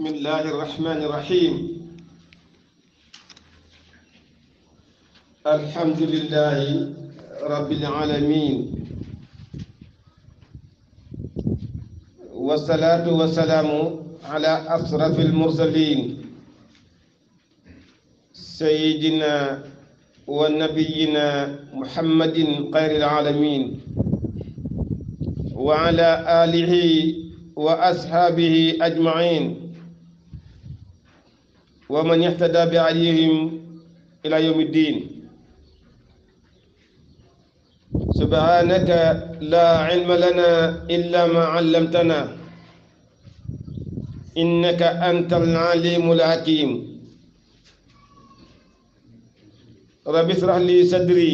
بسم الله الرحمن الرحيم الحمد لله رب العالمين والصلاة والسلام على أشرف المرسلين سيدنا ونبينا محمد خير العالمين وعلى آله وأصحابه أجمعين ومن يهتدى بعليهم إلى يوم الدين سبحانك لا علم لنا إلا ما علمتنا إنك أنت العليم الحكيم رب اشرح لي صدري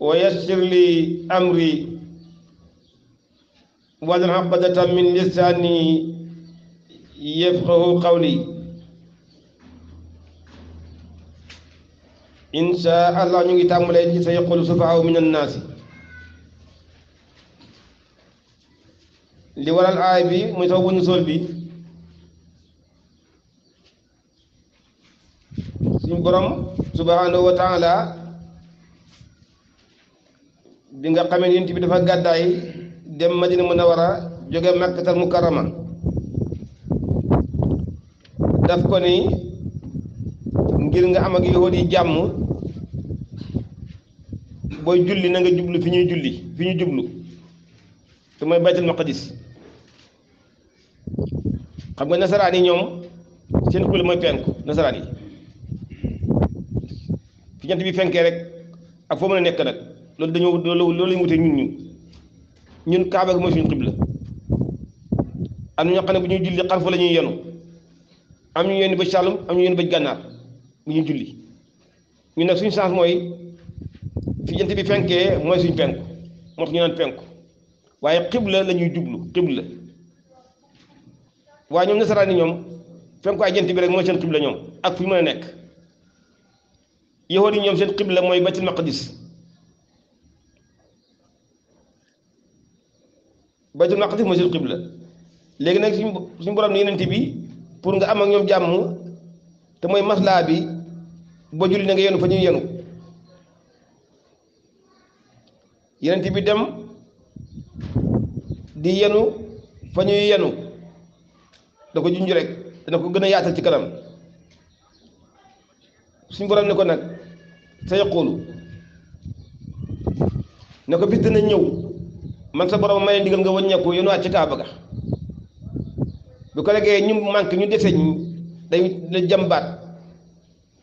ويسر لي أمري واجعل عقدة من لساني يفقه قولي insha allah ñu ngi tàmbalee ci sa yaqulu sufahaaw min annaasi li waral ay bi muy sababu nusool bi suñu borom subhanahu wa taala bi nga xamee yonent bi dafa gàddaay dem madina munawara jóge a mukarrama daf ko ni ngir nga am ak yahuud yi jàmm booy julli na nga jublu fi ñuy julli fi ñu jublu te mooy baytul maqdis xam nga nasaraan yi ñoom seen xibla mooy penku nasaraan yi fi jant bi fenkee rek ak foo mën a nekk nag loolu dañoo loolu loolu lañu wutee ñun ñun kaaba gi mooy suñu xibla am na ñoo xam ne bu ñuy julli xarfu la ñuy yenu am ñu yenn ba Saalum am ñu yenn ba gànnaar bu ñu julli ñu nag suñu chance mooy fi jant bi fenkee mooy suñu penku moo tax ñu naan penku waaye xibla la ñuy jublu xibla waaye ñoom nasaraan ñoom fenku jënt bi rek mooy seen xibla ñoom ak fu ñu mën a nekk yahood yi ñoom seen xibla mooy baytul maqdis baytul maqdis mooy seen xibla léegi nag suñu suñu borom ne yonent bi pour nga am ak ñoom jàmm te mooy maslaa bi ba julli na nga yenu fa ñuy yenu yenent bi dem di yenu fa ñuy yenu da ko junj rek dana ko gën a yaatal ci kanam suñ borom ne ko nag sa yaqulu ne ko bis dana ñëw man sa borom may ndigal nga wàññeeku yenuwaat ci kaaba ga bu ko legee ñu manqué ñu dese ñu day jàmbaat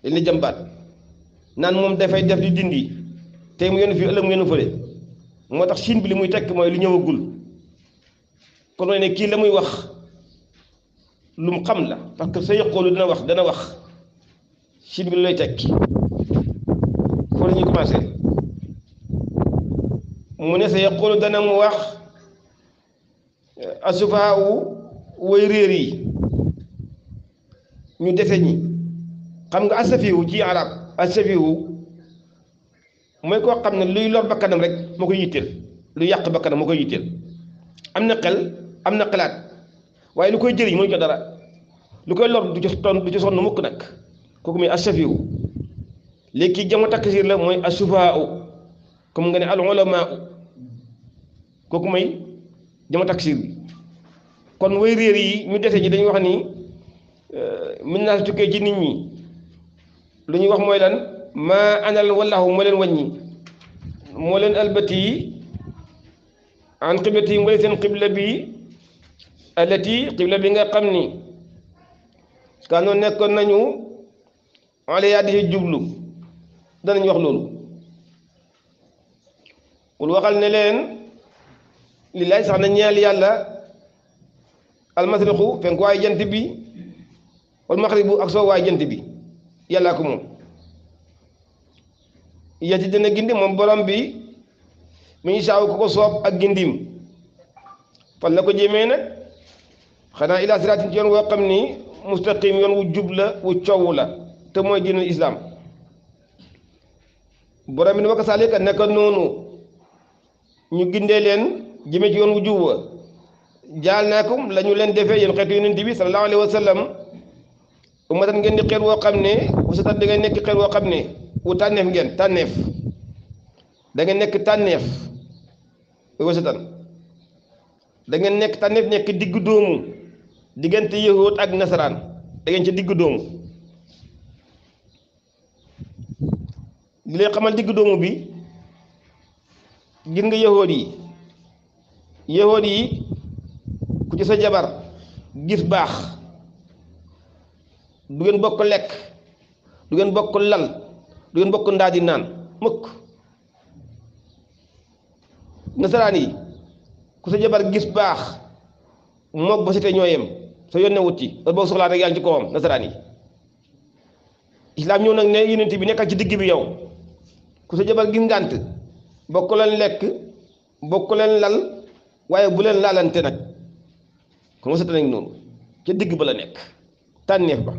dañ la naan moom dafay def di dindi tey mu yónni fii ëllëg mu yónni fële moo tax Chine bi li muy tekk mooy lu ñëwagul kon mooy ne kii la muy wax lu mu xam la parce que sa yëqoolu dina wax dana wax Chine bi lu lay tekki foofu la ñuy commencé mu ne sa yëqoolu dana mu wax euh, asufaa woy réer yi ñu defe ñi. xam nga asafiwu ci arab asafiwu mooy koo xam ne luy lor bakkanam rek moo koy yitteel lu yàq bakkanam moo koy yitteel am na xel am na xalaat waaye lu koy jëriñ mooy ko dara lu koy lor du ci ton du ci sonn mukk nag kooku muy asafiwu léegi kii jamo takkasir la mooy asufaaw comme nga ne al ulamaa kooku may jama takkasir bi kon way réer yi ñu dese ji dañ wax ni euh, mën naa tukkee ci nit ñi lu ñuy wax mooy lan maa anal wallahu moo leen wàññi moo leen albati yi an xiblati yi mooy seen xibla bi alati xibla bi nga xam ni kaanoon nekkoon nañu alayaa di si jublu danañ wax loolu wul waxal ne leen lillaay sax na ñeel yàlla almasriqu fenk waaye jant bi wal maxribu ak soo waaye jant bi yàllaa ko moom yeti dina gindi moom borom bi mu ngi saaw ku ko soob ak gindim fan la ko jëmee nag xanaa ilaa siraatin ci yoon woo xam ni mustaqim yoon wu jub la wu coow la te mooy diinul islaam borom bi ne wakka a nekka noonu ñu gindee leen jëme ci yoon wu jub wa jaal naakum la ñu leen defee yéen xeetu yonent bi sallallahu alayhi wa sallam ummatan ngeen di xeet woo xam ne wasatan da ngeen nekk xeet woo xam ni ku tanef ngeen tanef da ngeen nekk tànneef setan da ngeen nek tanef nek digg doomu diggante yahud ak nasaran da ngeen ci digg doomu li lay xamal digg doomu bi gis nga yahud ku ci sa jabar gis bax du ngeen bokk lek du ngeen bokk lal du ngeen bokk ndaa di naan mukk nasaraan yi ku sa jabar gis baax moog ba si te ñoo yem sa yónnee ci boo soxlaa rek yaa ci kawam nasaraan yi islaam ñëw nag ne yonent bi nekkal ci digg bi yow ku sa jabar gis ngànt bokk leen lekk bokk leen lal waaye bu leen lalante nag kon wasata nañ noonu ca digg ba la nekk tànneef ba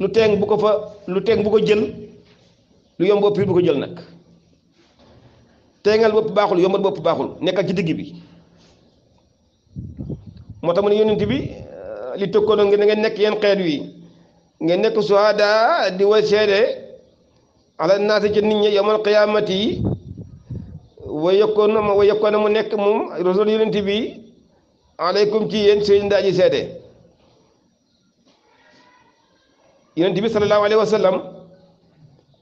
lu teng bu ko fa lu teng bu ko jël lu yom bopp bu ko jël nag teengal bopp baaxul yombal bopp baaxul nekkal ci digg bi motam ni yonent bi euh, li tëkkoon ngeen nga nek yeen xeet wi nga nek suhada di way seede ala naasi ci nit ñi yomal qiyamati wa way yokkoon wa yokkoon mu nekk moom rasul yonent bi alaykum ci yeen seen daaji seede yonent bi sallallahu alayhi wa sallam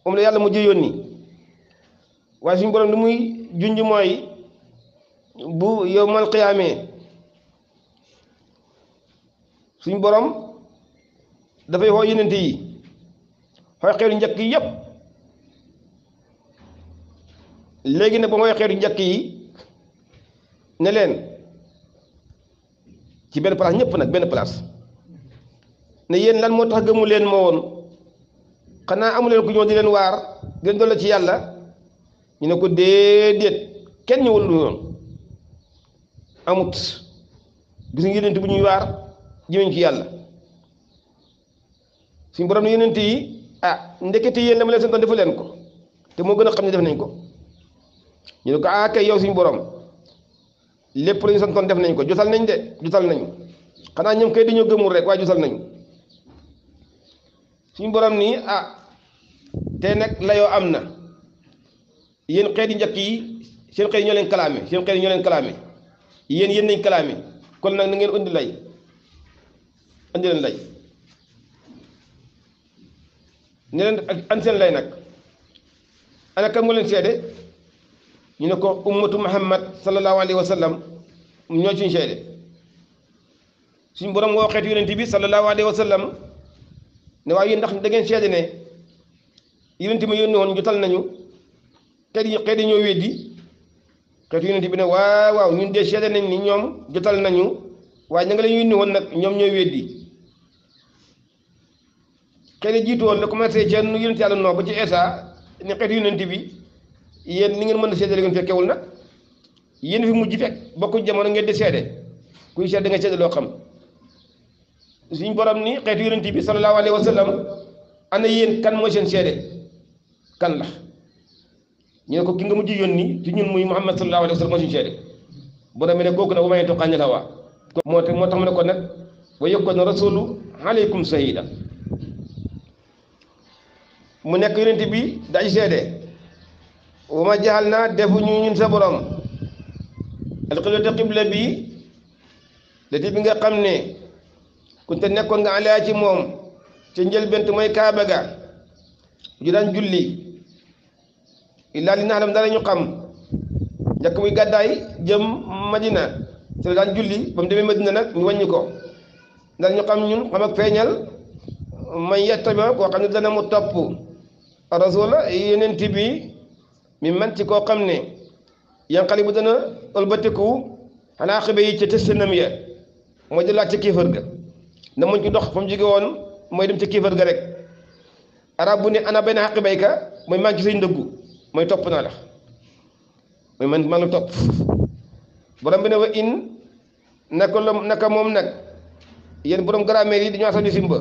moom la yàlla mujjee yónni waaye suñu borom li muy junj mooy bu yowmal qiyaamee suñu borom dafay xoo yonent yi xooy xeetu njëkk yépp léegi nag ba mooy xeetu njëkk yi ne leen ci benn place ñëpp nag benn place. ne yéen lan moo tax gëmu leen moo woon xanaa amuleen ku ñoo di leen waar di leen dolli ci yàlla ñu ne ko déedéet kenn ñu lu noonu amut gis nga yonent bu ñuy waar jëmeñ ci yàlla suñu borom ne yonent yi ah ndekete yéen la ma leen santoon defu leen ko te moo gën a xam ne def nañ ko ñu ne ko ah kay yow suñu boroom lépp la ñu santoon def nañ ko jotal nañ de jotal nañ xanaa ñoom kay ñoo gëmul rek waaye jotal nañ suñu borom nii ah te nag layoo am na yéen xeet yi njëkk yi seen xeet yi ñoo leen kalaame seen xeet ñoo leen kalaame yéen yéen nañ kalaame kon nag na ngeen indi lay indi leen lay ne leen ak an seen lay nag ana kan mu leen seede ñu ne ko ummatu muhammad sallallahu alayhi wa sallam ñoo suñu seede suñu borom woo xeet yonent bi sallallahu alayhi wa sallam ne waaye yéen ndax da ngeen seede ne yonent ma yónni woon jotal nañu xeet yi xeet yi ñoo weddi xeetu yonent bi ne waaw waaw ñun de seede nañ ni ñoom jotal nañu waaye ña nga leen woon nag ñoom ñoo weddi xeet yi jiitu woon la commencé ca nu yonent yàlla noo ba ci Eesa ne xeetu yonent bi yéen ni ngeen mën a seede la ngeen fekkewul nag yéen fi mujj fekk bokku jamono ngeen di seede kuy seede nga seede loo xam suñ borom ni xeetu yonent bi sallallahu alayhi wa sallam ana yéen kan mooy seen seede kan la ñu ne ko ki nga mujj ni ci ñun muy Muhammad sallallahu alayhi wa sallam mooy suñu seede borom bi ne kooku nag bu ma yee toqaañ la waa moo tax moo tax ma ne ko nag wa na rasulu alaykum shahida mu nekk yonent bi daaj seede wa ma jaxal naa defu ñu ñun sa borom alxiblata qibla bi lati bi nga xam ne kunte nekkoon nga alaa ci moom ca njëlbént mooy kaaba ga ju daan julli illaa li naxlam dara ñu xam njëkk muy gàddaay jëm madina te daan julli ba mu demee madina nag ñu wàññi ko dara ñu xam ñun xam ak feeñal man yettaba koo xam ne dana mu topp rasula yeneen bi mi man ci koo xam ne yanqali bu dana ëlbatiku xanaa xibe yi ca tëstanam ya mooy dalaat ci kéefër ga na muñ ko dox fam jige won moy dem ci ga rek arab ni ana benn xaqi bayka moy man ci say ndëggu moy top na la moy man man top borom bi ne wa in naka la naka mom nak yen borom grammaire yi asal simba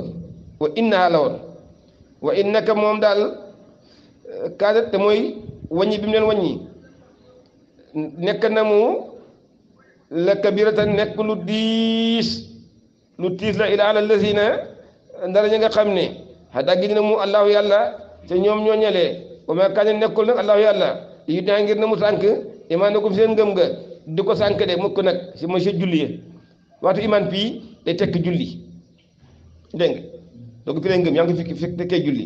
wa inna la wa innaka mom dal daal te moy wàññi bi mu leen nek na mu la kabiratan nek lu dis lu tiis la ila ala lazina ndara ñi nga xam ne xadda gi dina mu allahu yàlla te ñoom ñoo ñalee wa ma kaana nekkul nag allahu yàlla yu daa ngir na mu sànk iman na ko seen ngëm nga di ko sànk de mukk nag si monsieur julli ya waxtu iman pii day tekk julli dégg nga donc fi lay ngëm yaa fi tekkee julli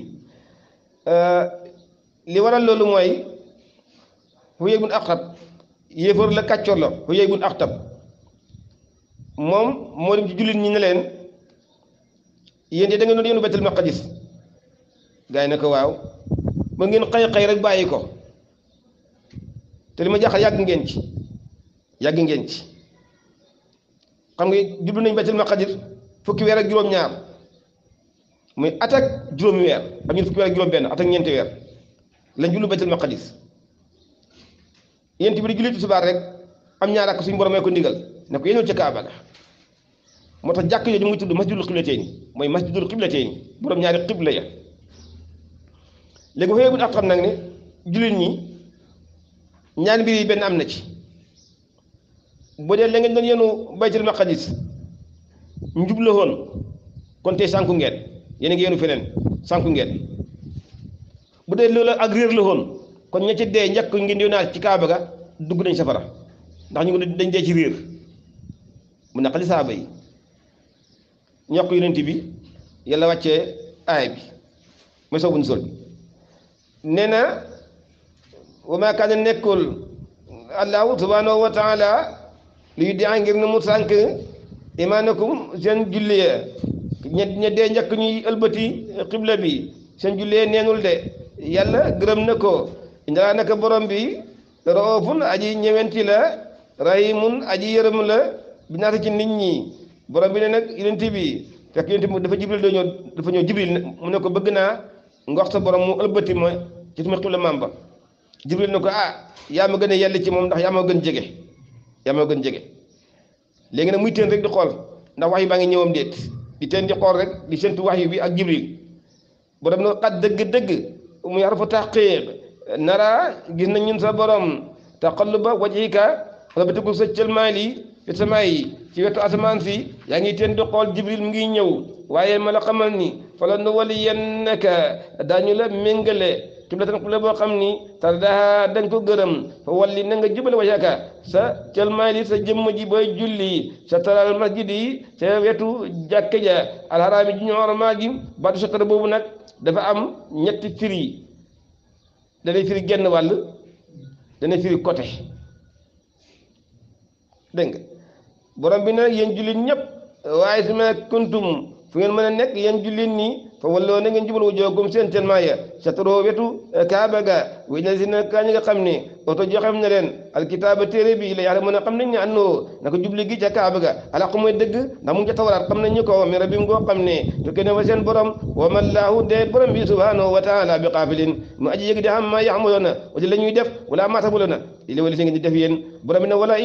euh, li waral loolu mooy xu yëy bun axtab yéefar la la xu yëy bun axtab moom moo dem ci jullit ñi ne leen yéen de da ngeen doon yéenu Baytul Maqdis gars yi ne waaw ba ngeen xëy rek bàyyi ko te li ma jaaxal yàgg ngeen ci yàgg ngeen ci xam nga jublu nañu Baytul Maqdis fukki weer ak juróom-ñaar muy at ak weer am ñu fukki weer ak juróom-benn at ak ñeenti weer lañ jublu Baytul Maqdis yéen bi di julli tisbaar rek am ñaar ak suñu borom ko ndigal. ne ko yenul ci kaaba ga moo tax jàkk ma muy tudd masjidul xiblatayni mooy masjidul xiblatayni borom ñaari xibla ya léegi waxee gudd ak xam ne jullit ñi ñaari mbir yi benn am na ci bu dee la ngeen doon yenu baytul maqadis njub la woon kon tey sànku ngeen yéen a ngi yenu feneen sànku ngeen bu dee loolu ak réer la kon ña ci dee njëkk ngeen yonaat ci kaaba ga dugg nañ safara ndax ñu dañ dee ci réer mu naqali saaba yi ñokk yonent bi yàlla wàccee sol bi nee na wa maa kaana nekkul allahu subhanahu wa taala lu yu ngir na mu sànk imaanakum seen julliya ñe njëkk ñuy ëlbati xibla bi seen julliya neenul de yàlla gërëm na ko ndaa borom bi raoofun aji ñëwenti la rahimun aji yërëm la bindaata ci nit ñi borom bi ne nag yonent bi fekk yonent bi dafa jibril doo ñëw dafa ñëw jibril mu ne ko bëgg naa nga sa borom mu ëlbati ma ci sama xibla maam ba jibril ne ko ah yaa ma gën a yell ci moom ndax yaa ma gën jege yaa ma gën jege nag muy teen rek di xool ndax wax yi baa ngi ñëwam déet di teen di xool rek di séntu wax yu bi ak jibril borom na xat dëgg-dëgg muy arfu taqiq nara gis nañ ñun sa borom taqalluba wajhika rabatiku sa cëlmaali fi sama yi ci wetu asamaan si yaa ngi teen di xool jibril mu ngi ñëw waaye ma xamal ni fa la nu wali yennaka daañu la méngale qiblatan xibla boo xam ni tardaha da nga ko gërëm fa walli na nga jubale wajhaka sa calmaay li sa jëmm ji booy julli sa taral masjid yi sa wetu jàkke ja alxaraami ji ñu ormaa gi baatu satara boobu nag dafa am ñetti firi danay firi genn wàll danay firi côté borom bi ne yéen jullit ñëpp waaye su ma kuntum fu ngeen mën a nekk yéen jullit nii fa walloo na ngeen jubal wujookum seen seen maaya satroo wetu kaaba ga wi na si na kaa ñi nga xam ne oto joxem na leen alkitaaba téere bi la yàlla mën a xam nañ ne na naka jubli gi ca kaaba ga alaqu mooy dëgg ndax mu ngi ca tawraat xam ñu ko mi rabbim goo xam ne tukkee ne fa borom wa mallaahu de borom bi subhanahu wa taala bi qaabilin mu aji yëg di am maa yaxamaloona wala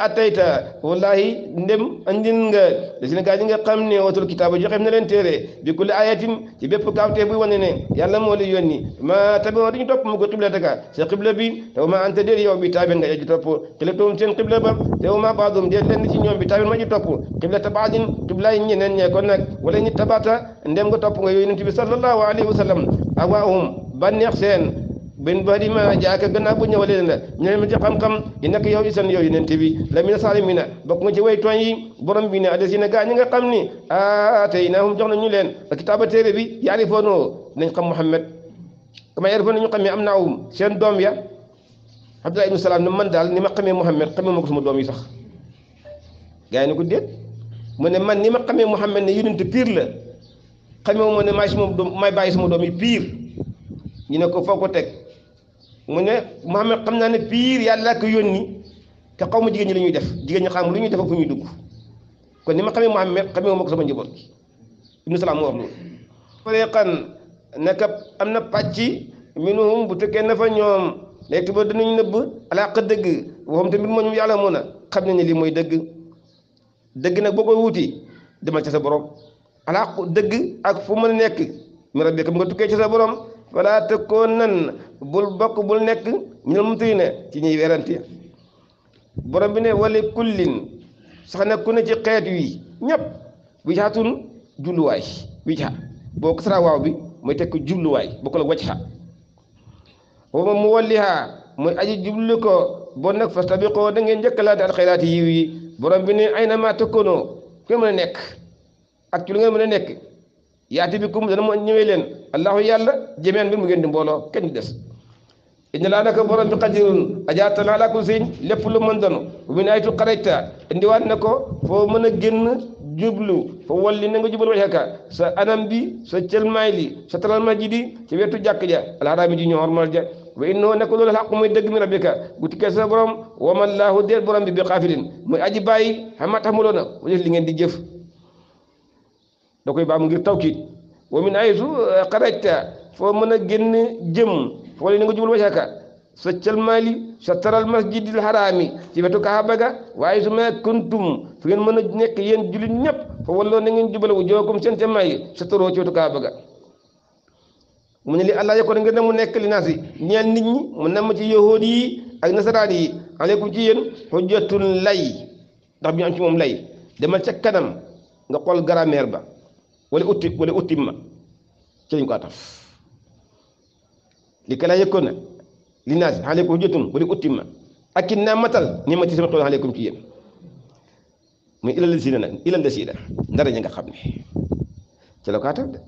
atayta wallahi ndem andin nga lasina gaa ñi nga xam ne watul kitaaba joxe na leen téere bi kulli ayatin ci bépp kaawtee buy ne yàlla moo la yónni ma tabi'u duñu topp mu ko qiblataka sa qibla bi ma anta déet yow bi taabin nga aji topp qiblatuhum seen qibla ba taw ma baadum déet leen ci ñoom bi taabin ma aji topp qiblata baadin qibla yi ñeneen ñee kon nag wala ñu tabaata ndem ga topp nga yonent bi sallallahu alayhi wa sallam awaahum banneex seen benn ba di ma jaaka a bu ñëwalee leen la ñu ne ma ci xam-xam di nekk yow ci seen yow yonente bi la mina saalimiina bokk nga ci way tooñ yi borom bi ne allazina gaa ñi nga xam ni aataynaahum jox nañu leen ak kitaaba téere bi yaarifoonoo nañ xam Muhammad kama yaarifoon nañu xam ne am naawum seen doom ya Abdullah ibnu Salaam ne man daal ni ma xamee Muhammad xamee ma ko suma doom yi sax gaa yi ne ko déet mu ne man ni ma xamee Muhammad ne yonente pire la xamee ma ne maay suma doom maay bàyyi suma doom yi pire ñu ne ko foo ko teg mu ne Muhammad xam naa ne pire yàlla ko yónni te xaw ma jigéen ñi la ñuy def jigéen ñi xam lu ñuy def fu ñuy dugg kon ni ma xam Muhammad xamee ma ko sama njaboot gi ibnu salaam moo wax loolu fariqan am na pàcc minhum bu tëkkee na fa ñoom léegi ba dinañ dëgg waxam tamit moo ñu yàlla a xam nañ ne lii mooy dëgg dëgg nag boo koy wuti demal ci sa borom alaq dëgg ak fu mën a nekk mi rabbika mu nga tukkee ci borom falaa takuunanna bul bokk bul nekk minal mumtariina ci ñuy werante borom ne wali kullin sax ne ku ne ci xeet wi ñëpp wijhatun jubluwaay wijha boo ko saraa waaw bi mooy tekk jubluwaay bokk la wajha wa mu wallihaa mooy aji jublu ko bon nag fastabiqoo da ngeen njëkkalaante al xayraati yiw yi borom bi ne aynamaa takuunuu fi ngeen mën a nekk ak ci lu ngeen mën a nekk yaati bi kum dana mo ñëwee leen allah yalla jëmeen bi mu gën di mbolo kenn dess inna la naka borom bi qadirun ajata la lakum sin lepp lu mën dañu min aytu xarajta indiwaat na ko foo mën a génn jublu fo walli na nga jubal wajhaka sa anam bi sa cëlmaay li sa talal ji di ci wetu jakk ja alxaraami ji ñor mal ja wa inna naka loolu haqu muy dëgg mi rabbika bu tikkee sa borom wa man lahu déet borom bi bi xaafilin muy aji bayyi xamaa tax muloona mu def li ngeen di jëf da koy baamu ngir wamin wa min aytu xarajta eh, fo meuna genn jëm fo leen nga jubal mali sëccal al masjid masjidil Harami, ci wetu kaaba ga waaye su ma kuntum fu ngeen meuna nek yeen julit ñep fo wallo na ngeen jubale wu jokum seen te may sataroo ci wetu kaaba ga mu ne li allah yakko ngeen mu nek li nasi yi nit ñi mu namm ci yahudi ak nasrani yi ci yeen lay ndax bi am ci mom lay demal ca kanam nga xol grammaire ba wala utti wala uttimma ci lañ ko ataf li kalaa yëkkoon na li naas matal ni ma ci sama xol aleykum ci yéen muy ilal lasiina ndara ña nga xam ne ci la ko ataf de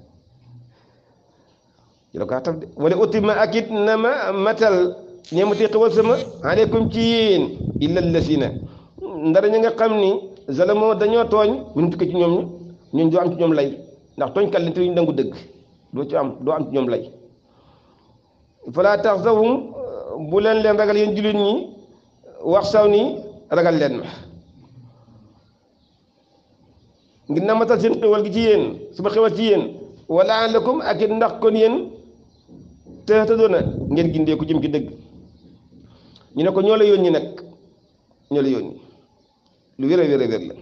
ci ataf de wala uttimma ak it na ma matal ni ma ci sama aleykum ci yéen ilal ndara ña nga xam ni zalamoo dañoo tooñ bu ñu tukkee ci ñoom ñu du am ci ñoom lay ndax tooñkat lañ te duñ nangu dëgg doo ci am doo am ci ñoom lay fala tax sawum bu leen leen ragal yéen jullit ñi wax saw ni ragal leen ma ngir na matal seen xéwal gi ci yéen su ma xéwal ci yéen wala lakum ak it ndax kon yéen te te ngeen gindee ku jëm ci dëgg ñu ne ko ñoo yoon ñi nag ñoo la yónni lu wér a wér a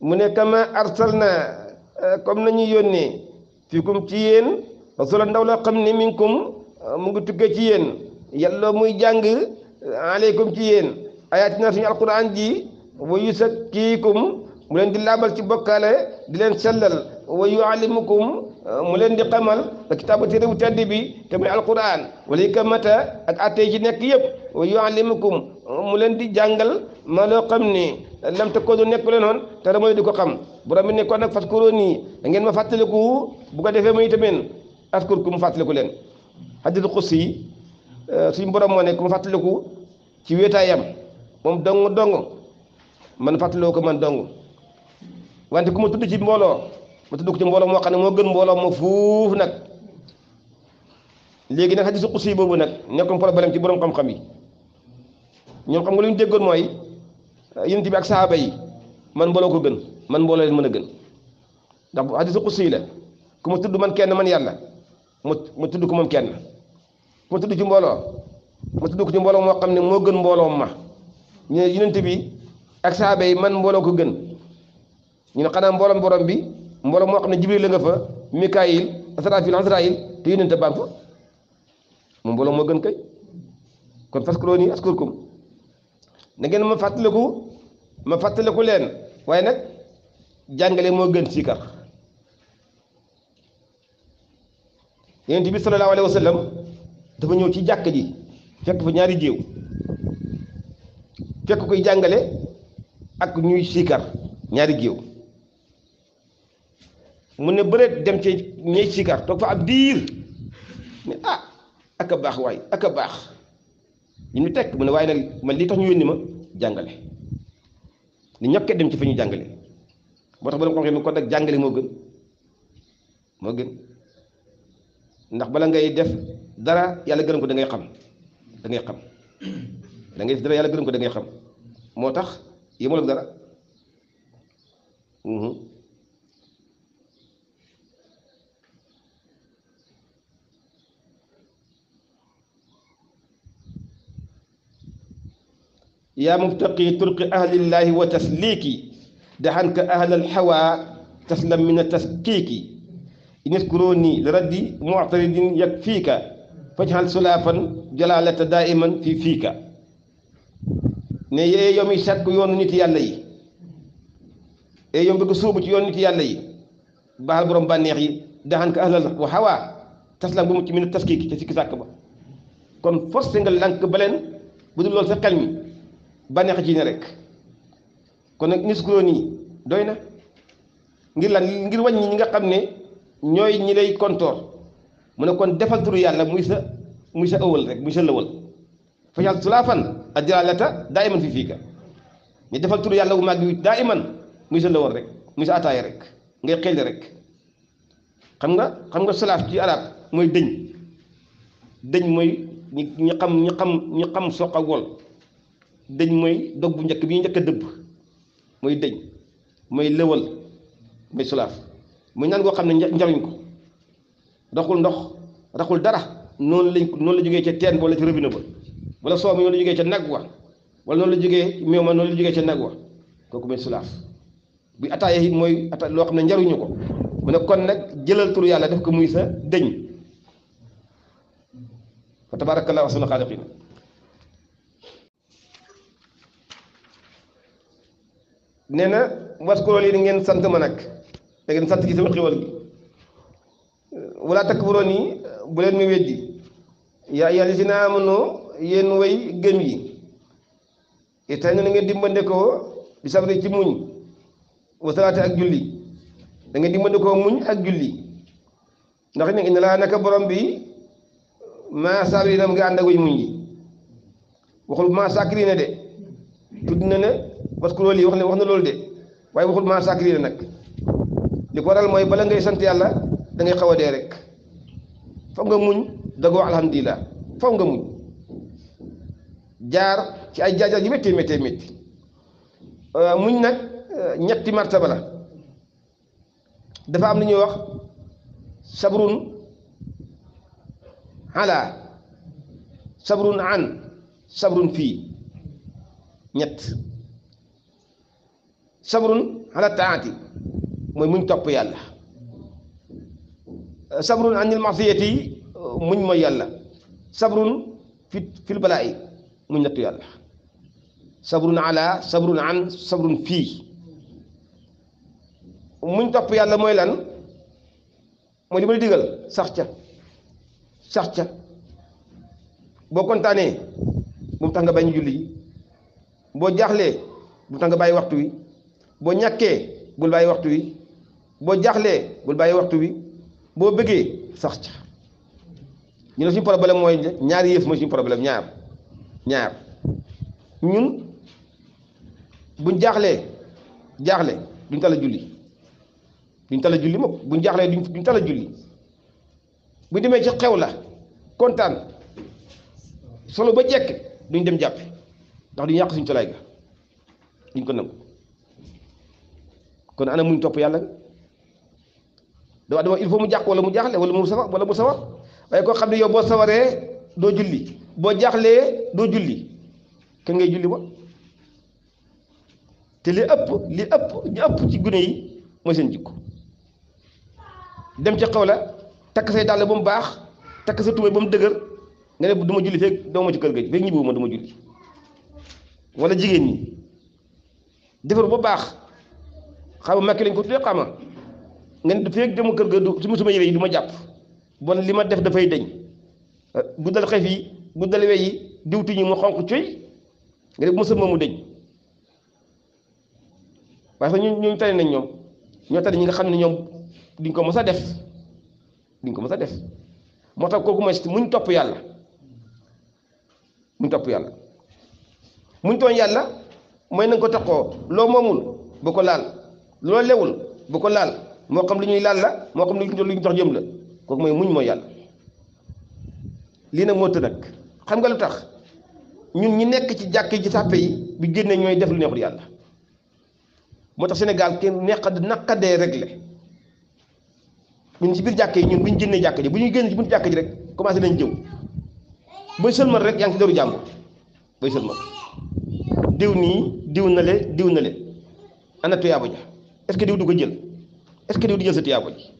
mu ne kama na Euh, comme nañu yónnee fiikum ci yéen rasula ndaw loo xam ne minkum euh, mu ngi tukkee ci yéen yàlla muy jàng euh, aleykum ci yéen ayatina suñu alquran ji wa yusakkiikum mu leen di laabal ci bokkaale di leen sellal wa yuallimukum mu leen di xamal ba kitaabu téere bu tedd bi te muy alquran wala yi mata ak atte yi ci nekk yëpp wa yuallimukum mu leen di jàngal ma loo xam ne lam takkoonu nekku leen woon te mooy di ko xam borom bi ne kon nag faskuroo nii da ngeen ma fàttaliku bu ko defee muy tamit askur ku mu fàttaliku leen xadiisul xudsi yi euh, suñu borom moo ne ku mu fàttaliku ci wéetaayam moom dong dong man fàttalikoo ko man dong wante ku ma tudd ci mbooloo ma tudd ko ci mbooloo moo gën mbooloo moo nag léegi nag xadiisul xudsi boobu nag nekkoon problème ci borom xam-xam yi ñoom xam nga lu ñu déggoon mooy. Eh, yonent bi ak saaba yi man mbooloo ko gën man mbooloo leen mën a gën ndax hadiisu qudsi la ku ma tudd man kenn man yàlla ma mu tudd ko moom kenn ku ma tudd ci mbooloo ma tudd ko ci mbooloo moo xam ne moo gën mbooloom ma ñu ne yonent bi ak saaba yi man mbooloo ko gën ñu ne xanaa mbooloom borom bi mbooloo moo xam ne jibril la nga fa mikaayil asraafil asraayil te yonent baa fa moom mbooloo moo gën kay kon faskuruni askurkum na ngeen ma fàttaliku ma fàttaliku leen waaye nag jàngale moo gën siikar yonent bi sallallahu alayhi wa dafa ñëw ci jàkk ji fekk fa ñaari jéew fekk koy jàngale ak ñuy siikar ñaari géew mu ne bëreet dem ci ñey siikar toog fa ab diir ne ah ak a baax waay ak a baax yi ñu tekk mu ne waaye nag man lii tax ñu yónni ma jàngale ni ñëpp dem ci fi ñu jàngale moo tax ba kon nag jàngale moo gën moo gën ndax bala ngay def dara yàlla gërëm ko da xam dangay xam da def dara yàlla gërëm ko da xam moo tax yémaloo dara mhm. يا مبتقي طرق أهل الله وتسليكي دعنك أهل الحوى تسلم من التسكيك إن يذكروني لرد معترض يكفيك فاجعل سلافا جلالة دائما في فيك ne yee yow mi sàkk yoonu nit yàlla yi e yow mi bëgg suubu ci yoonu nit yàlla yi baaxal borom bànneex yi daxan ko ahlal wa xawaa taslam bu mu ci mën a taskiik ca sikki sàkk ba kon forcé nga lànk ba leen bu dul loolu sa xel mi bànneex ci ne rek kon nag nis kuróon yi doy na ngir lan ngir wañ ñi nga xam ne ñooy ñi lay kontoor mu ne kon defal turu yàlla muy sa muy sa ëwal rek muy sa lëwal fajal sulaafan addilalata daa iman fi fii ka mais defal turu yàlla bu màgg wi daa muy sa lëwal rek muy sa ataaya rek ngay xel rek xam nga xam nga sulaaf ci arab mooy dëñ dëñ mooy ñi xam ñi xam ñi xam soq ak wol dëñ mooy dog bu njëkk bi ñu njëkk a dëbb mooy dëñ mooy lëwal mooy sulaaf muy naan goo xam ne njariñ ko raxul ndox raxul dara noonu lañ noonu la jógee ca teen wala ca robinet ba wala soow mi noonu ca nag wa wala noonu la jógee meew ma noonu la jógee ca nag wa kooku mooy sulaaf bu ataaya it mooy ata loo xam ne njariñu ko mu ne kon nag jëlal turu yàlla def ko muy sa dëñ fa tabaarakallahu ahsanul xaaliqiin nee na waskurool yi ngeen sant ma nag da ngeen sant ci sama xéwal gi wala takburoon yi bu leen mi weddi ya yàlla si naa amoon yéen way gëm yi ita na ngeen dimbandekoo bi sabri ci muñ wasalaate ak julli da ngeen muñ ak julli ndax ne ina laa naka borom bi maa sabri nam nga ànd ak way muñ yi waxul maa sàkkri de tudd na ne parce que loolu wax ne wax na loolu de waaye waxul maa sacrifié nag li ko waral mooy bala ngay sant yàlla dangay ngay xaw a dee rek foog nga muñ dagoo alhamdulilah foog nga muñ jaar ci ay jaar yu méttee méttee métti euh, muñ nag euh, ñetti martaba la dafa am lu ñuy wax sabrun ala sabrun an sabrun fii ñett sabrun ala taati mooy muñ topp yàlla sabrun anil masiyati muñ mooy yàlla sabrun fi fil balaa'i muñ nattu yàlla sabrun ala sabrun an sabrun fii muñ topp yàlla mooy lan mooy li ma la digal sax ca boo kontaanee bu mu tax nga bañ julli boo jaaxlee bu mu tax nga waxtu wi boo ñàkkee bul bàyyi waxtu wi boo jaaxlee bul bàyyi waxtu wi boo bëggee sax ca ñu ne suñu problème mooy ñaari yëf mooy suñu problème ñaar ñaar ñun buñ jaaxlee jaaxle duñ tala julli duñ tala julli moom buñ jaaxlee duñ duñ a julli bu demee ci xew la kontaan solo ba jekk duñ dem jàppe ndax duñ yàq suñu colaay ga duñ ko nangu kon ana muñ topp yàlla dama dama il faut mu jàq wala mu jaaxle wala mu sawar wala mu sawar waaye koo xam ne yow boo sawaree doo julli boo jaaxlee doo julli kan ngay julli ba te li ëpp li ëpp ñu ëpp ci gune yi mooy seen jikko dem ca xaw la takk say dàll ba mu baax takk sa tubéy ba mu dëgër nga ne duma ma julli feeg doo ma ci kër ga feeg ñibbu ma du ma julli wala jigéen ñi defar ba baax. xaw ma Makki lañ ko tuddee xama nga ne kër ga du su ma suma yëwee yi du ma jàpp bon li ma def dafay deñ bu euh, dal xef yi bu dal we yi diwtiñu mu xonq coy nga def bu ma sëmma mu deñ waaye sax ñu ñu tane nañ ñoom ñoo tane ñi nga xam ne ñoom duñ ko mës a def duñ ko mës a def moo tax kooku ma muñ topp yàlla muñ topp yàlla muñ tooñ yàlla mooy na ko taxoo loo moomul bu ko laal loolu lewul bu ko laal moo xam lu ñuy laal la moo xam lu ñu jox jëm la kooku mooy muñ mooy yàlla lii nag moo të nag xam nga lu tax ñun ñi nekk ci jàkk ci sàppe yi bi génnee ñooy def lu neexul yàlla moo tax Sénégal kenn neqa naqadee réglé ñun ci biir jàkk yi ñun bu ñu génnee jàkk ji bu ñuy génn ci buntu ji rek commencé nañ jëw booy sëlmal rek yaa ngi ci deru jàmbur booy sëlmal diw nii diw na le diw na le ana tuyaaba ja est ce que diw du ko jël est ce que diw du jël sa tiyaabo ji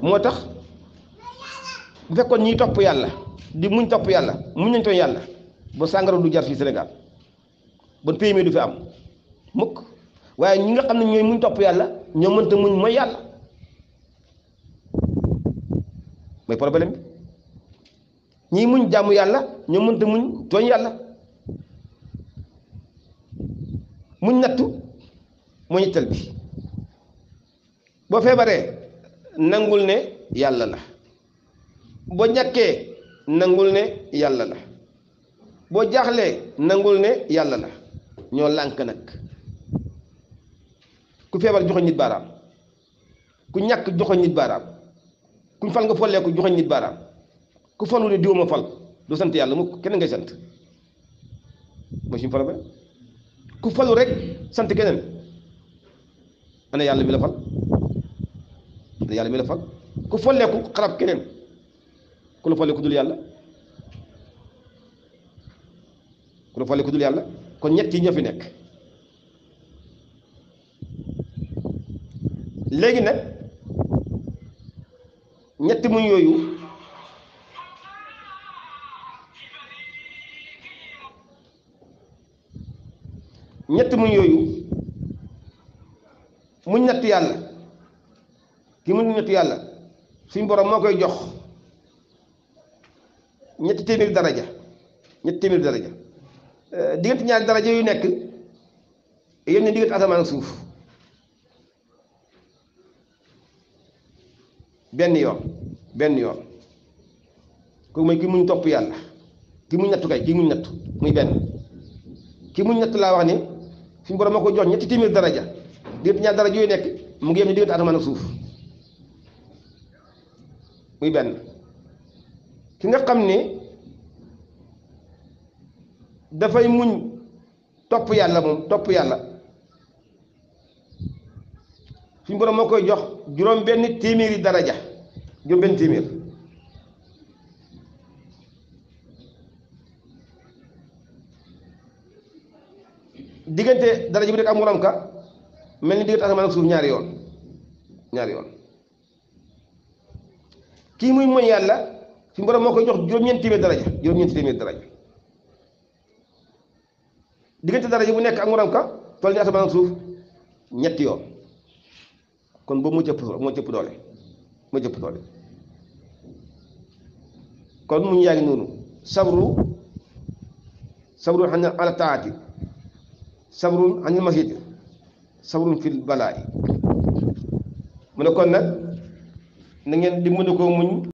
moo tax bu fekkoon ñiy topp yàlla di muñ topp yàlla muñ nañ toon yàlla ba sàngara du jar fii Sénégal ba PME du fi am mukk waaye ñi nga xam ne ñooy muñ topp yàlla ñoo mënta muñ mooy yàlla mooy problème bi muñ jàmm yàlla ñoo mënta muñ tooñ yàlla muñ nattu mu ñettal bi boo feebaree nangul ne yàlla la boo ñàkkee nangul ne yàlla la boo jaaxlee nangul ne yàlla la ñoo lànk nag ku feebar joxoñ nit baaraam ku ñàkk joxoñ nit baaraam kuñ fal nga follee ko joxoñ nit baaraam ku falu ne diwuma fal doo sant yàlla mukk kenn ngay sant mooy suñu problème ku falu rek sant keneen ana yàlla mi la fal ana yàlla mi la fal ku folleeku xarab keneen ku la folleeku dul yàlla ku la folleeku dul yàlla kon ñetti ñoo fi nekk léegi nag ñetti muñ yooyu ñetti muñ yooyu muñ nattu yàlla ki muñ nattu yàlla suñ borom moo koy jox ñetti téeméer daraja ñetti téeméer daraja euh, diggante ñaari daraja yu nekk yem ne diggante asamaan suuf benn yoon benn yoon kooku mooy ki muñ topp yàlla ki muñ nattu kay ki muñ nattu muy benn ki muñ nattu laa wax ni suñ borom moo koy jox ñetti téeméer daraja diitu ñaar dara juy nek mu ngi yem ñu diggante asamaan ak suuf muy ben ki nga xamni da fay muñ top yalla mom top yalla suñu borom koy jox daraja juróom benn téeméer diggante daraja bu nekk amuram ka mel ni diggante asamaan ak suuf ñaari yoon ñaari yoon kii muy mooy yàlla suñu borom moo koy jox juróom-ñeenti téeméer daraja juróom-ñeenti téeméer daraja diggante daraja bu nekk ak morom ka toll ni asamaan ak suuf ñetti yoon kon boobu moo jëpp moo cëpp doole moo cëpp doole kon mu yaa ngi noonu sabru sabru ala taati sabru anil masjid sabrun fil balaa yi mu ne kon nag na ngeen di mën a ko muñ